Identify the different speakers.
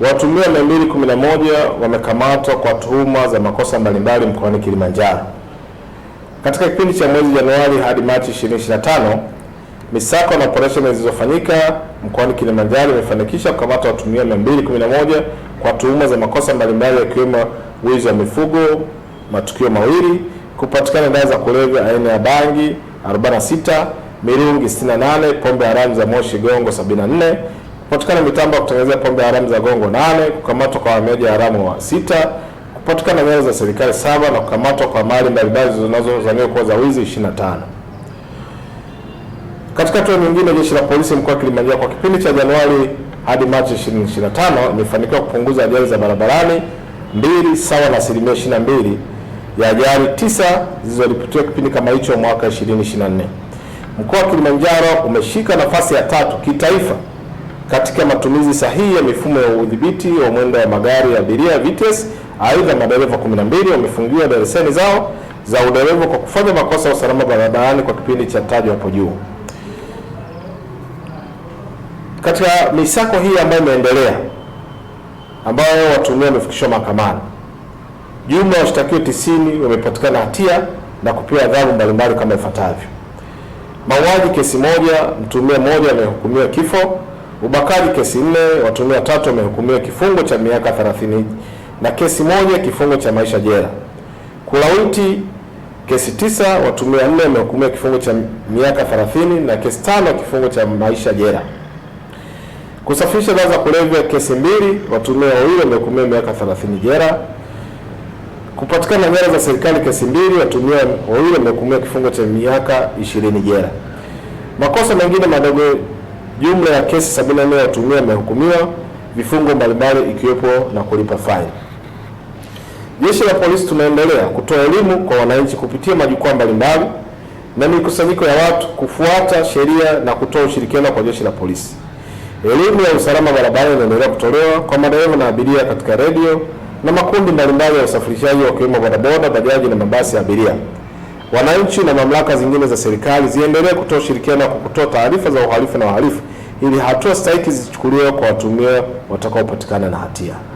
Speaker 1: Watuhumiwa 211 wamekamatwa kwa tuhuma za makosa mbalimbali mkoani Kilimanjaro. Katika kipindi cha mwezi Januari hadi Machi 2025, misako na operesheni zilizofanyika mkoani Kilimanjaro imefanikisha kukamata watuhumiwa 211 kwa tuhuma za makosa mbalimbali yakiwemo wizi wa mifugo matukio mawili, kupatikana dawa za kulevya aina ya bangi 46, mirungi 68, pombe haramu za moshi gongo 74 kupatikana mitambo ya kutengenezea pombe haramu za gongo nane, kukamatwa kwa wahamiaji haramu wa sita, kupatikana nyara za serikali saba na kukamatwa kwa mali mbalimbali zinazozaniwa kuwa za wizi 25. Katika hatua nyingine, jeshi la polisi mkoa wa Kilimanjaro kwa kipindi cha Januari hadi Machi 2025 imefanikiwa kupunguza ajali za barabarani mbili sawa na asilimia 22 ya ajali tisa zilizoripotiwa kipindi kama hicho mwaka 2024. Mkoa wa Kilimanjaro umeshika nafasi ya tatu kitaifa katika matumizi sahihi ya mifumo ya udhibiti wa mwendo wa magari ya abiria VTS. Aidha, madereva 12 wamefungiwa leseni zao za udereva kwa kufanya makosa ya usalama barabarani kwa kipindi cha tajwa hapo juu. Katika misako hii ambayo imeendelea ambayo watumia wamefikishwa mahakamani, jumla washtakiwa 90 wamepatikana hatia na kupewa adhabu mbalimbali kama ifuatavyo: mauaji kesi moja, mtumia mmoja amehukumiwa kifo Ubakari kesi nne, watumia watatu wamehukumiwa kifungo cha miaka 30 na kesi moja kifungo cha maisha jela. Kulawiti kesi tisa, watumia nne wamehukumiwa kifungo cha miaka 30 na kesi tano kifungo cha maisha jela. Kusafirisha dawa za kulevya kesi mbili, watumia wawili wamehukumiwa miaka 30 jela. Kupatikana nyara za serikali kesi mbili, watumia wawili wamehukumiwa kifungo cha miaka 20 jela. Makosa mengine madogo Jumla ya kesi 74 watuhumiwa wamehukumiwa vifungo mbalimbali ikiwepo na kulipa faini. Jeshi la Polisi tunaendelea kutoa elimu kwa wananchi kupitia majukwaa mbalimbali na mikusanyiko ya watu kufuata sheria na kutoa ushirikiano kwa Jeshi la Polisi. Elimu ya usalama barabarani inaendelea kutolewa kwa madereva na abiria katika redio na makundi mbalimbali ya usafirishaji wakiwemo bodaboda, bajaji na mabasi ya abiria. Wananchi na mamlaka zingine za serikali ziendelee kutoa ushirikiano kwa kutoa taarifa za uhalifu na wahalifu ili hatua stahiki zichukuliwe kwa watumio watakaopatikana na hatia.